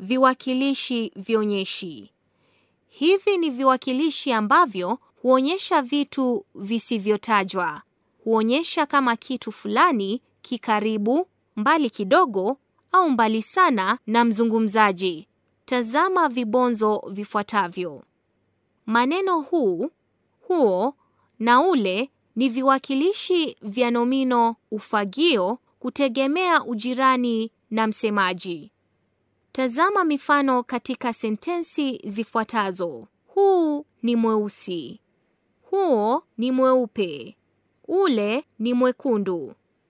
Viwakilishi vionyeshi. Hivi ni viwakilishi ambavyo huonyesha vitu visivyotajwa. Huonyesha kama kitu fulani kikaribu, mbali kidogo au mbali sana na mzungumzaji. Tazama vibonzo vifuatavyo. Maneno huu, huo na ule ni viwakilishi vya nomino ufagio kutegemea ujirani na msemaji. Tazama mifano katika sentensi zifuatazo: huu ni mweusi, huo ni mweupe, ule ni mwekundu.